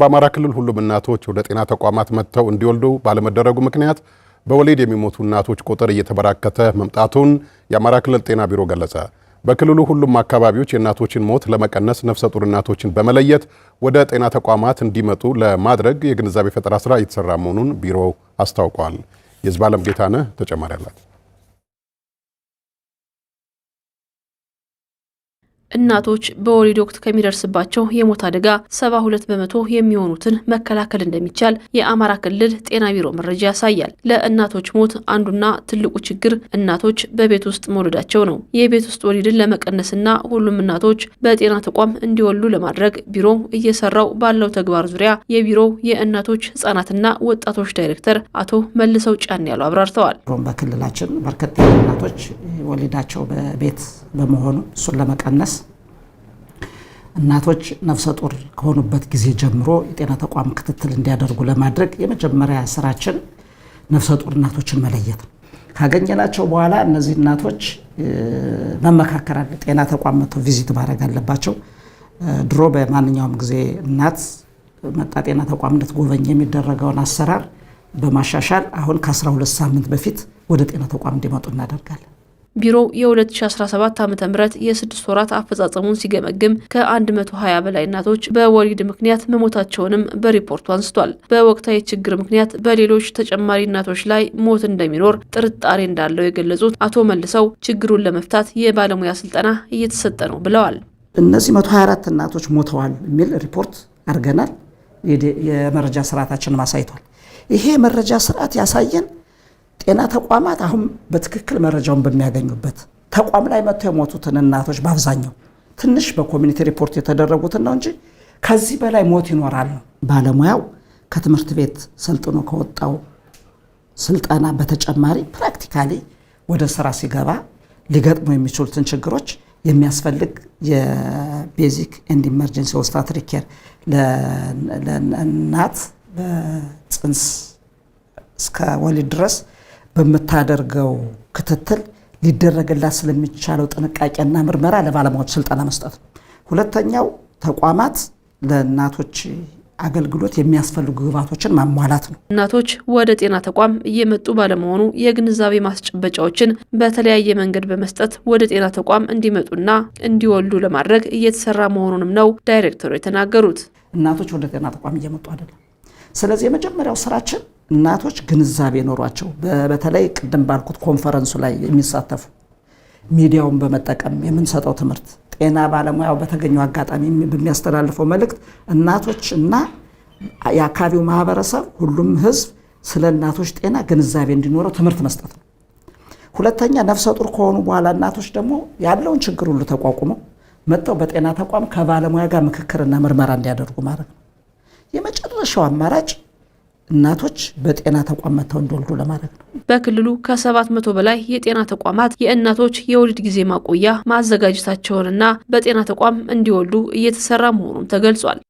በአማራ ክልል ሁሉም እናቶች ወደ ጤና ተቋማት መጥተው እንዲወልዱ ባለመደረጉ ምክንያት በወሊድ የሚሞቱ እናቶች ቁጥር እየተበራከተ መምጣቱን የአማራ ክልል ጤና ቢሮ ገለጸ። በክልሉ ሁሉም አካባቢዎች የእናቶችን ሞት ለመቀነስ ነፍሰ ጡር እናቶችን በመለየት ወደ ጤና ተቋማት እንዲመጡ ለማድረግ የግንዛቤ ፈጠራ ስራ እየተሰራ መሆኑን ቢሮው አስታውቋል። የህዝብ አለም ጌታነህ ተጨማሪ አላት። እናቶች በወሊድ ወቅት ከሚደርስባቸው የሞት አደጋ 72 በመቶ የሚሆኑትን መከላከል እንደሚቻል የአማራ ክልል ጤና ቢሮ መረጃ ያሳያል። ለእናቶች ሞት አንዱና ትልቁ ችግር እናቶች በቤት ውስጥ መውለዳቸው ነው። የቤት ውስጥ ወሊድን ለመቀነስና ሁሉም እናቶች በጤና ተቋም እንዲወሉ ለማድረግ ቢሮ እየሰራው ባለው ተግባር ዙሪያ የቢሮው የእናቶች ህጻናትና ወጣቶች ዳይሬክተር አቶ መልሰው ጫን ያሉ አብራርተዋል። በክልላችን በርከት ያሉ እናቶች ወሊዳቸው በቤት በመሆኑ እሱን ለመቀነስ እናቶች ነፍሰ ጡር ከሆኑበት ጊዜ ጀምሮ የጤና ተቋም ክትትል እንዲያደርጉ ለማድረግ የመጀመሪያ ስራችን ነፍሰ ጡር እናቶችን መለየት ነው። ካገኘናቸው በኋላ እነዚህ እናቶች መመካከር አለ። ጤና ተቋም መጥተው ቪዚት ማድረግ አለባቸው። ድሮ በማንኛውም ጊዜ እናት መጣ ጤና ተቋም እንድትጎበኝ የሚደረገውን አሰራር በማሻሻል አሁን ከ12 ሳምንት በፊት ወደ ጤና ተቋም እንዲመጡ እናደርጋለን። ቢሮው የ2017 ዓ ም የስድስት ወራት አፈጻጸሙን ሲገመግም ከ120 በላይ እናቶች በወሊድ ምክንያት መሞታቸውንም በሪፖርቱ አንስቷል። በወቅታዊ ችግር ምክንያት በሌሎች ተጨማሪ እናቶች ላይ ሞት እንደሚኖር ጥርጣሬ እንዳለው የገለጹት አቶ መልሰው ችግሩን ለመፍታት የባለሙያ ስልጠና እየተሰጠ ነው ብለዋል። እነዚህ 124 እናቶች ሞተዋል የሚል ሪፖርት አድርገናል። የመረጃ ስርዓታችን አሳይቷል። ይሄ መረጃ ስርዓት ያሳየን ጤና ተቋማት አሁን በትክክል መረጃውን በሚያገኙበት ተቋም ላይ መጥተው የሞቱትን እናቶች በአብዛኛው ትንሽ በኮሚኒቲ ሪፖርት የተደረጉትን ነው እንጂ ከዚህ በላይ ሞት ይኖራል ባለሙያው ከትምህርት ቤት ሰልጥኖ ከወጣው ስልጠና በተጨማሪ ፕራክቲካሊ ወደ ስራ ሲገባ ሊገጥሙ የሚችሉትን ችግሮች የሚያስፈልግ የቤዚክ ኤንድ ኢመርጀንሲ ኦብስታትሪክ ኬር ለእናት በፅንስ እስከ ወሊድ ድረስ በምታደርገው ክትትል ሊደረግላት ስለሚቻለው ጥንቃቄና ምርመራ ለባለሙያዎች ስልጠና መስጠት ነው። ሁለተኛው ተቋማት ለእናቶች አገልግሎት የሚያስፈልጉ ግብዓቶችን ማሟላት ነው። እናቶች ወደ ጤና ተቋም እየመጡ ባለመሆኑ የግንዛቤ ማስጨበጫዎችን በተለያየ መንገድ በመስጠት ወደ ጤና ተቋም እንዲመጡና እንዲወልዱ ለማድረግ እየተሰራ መሆኑንም ነው ዳይሬክተሩ የተናገሩት። እናቶች ወደ ጤና ተቋም እየመጡ አይደለም ስለዚህ የመጀመሪያው ስራችን እናቶች ግንዛቤ ኖሯቸው በተለይ ቅድም ባልኩት ኮንፈረንሱ ላይ የሚሳተፉ ሚዲያውን በመጠቀም የምንሰጠው ትምህርት ጤና ባለሙያው በተገኘው አጋጣሚ በሚያስተላልፈው መልእክት እናቶች እና የአካባቢው ማህበረሰብ ሁሉም ህዝብ ስለ እናቶች ጤና ግንዛቤ እንዲኖረው ትምህርት መስጠት ነው። ሁለተኛ ነፍሰ ጡር ከሆኑ በኋላ እናቶች ደግሞ ያለውን ችግር ሁሉ ተቋቁመው መጥተው በጤና ተቋም ከባለሙያ ጋር ምክክርና ምርመራ እንዲያደርጉ ማድረግ ነው። የመጨረሻው አማራጭ እናቶች በጤና ተቋም መጥተው እንዲወልዱ ለማድረግ ነው። በክልሉ ከሰባት መቶ በላይ የጤና ተቋማት የእናቶች የወሊድ ጊዜ ማቆያ ማዘጋጀታቸውንና በጤና ተቋም እንዲወልዱ እየተሰራ መሆኑን ተገልጿል።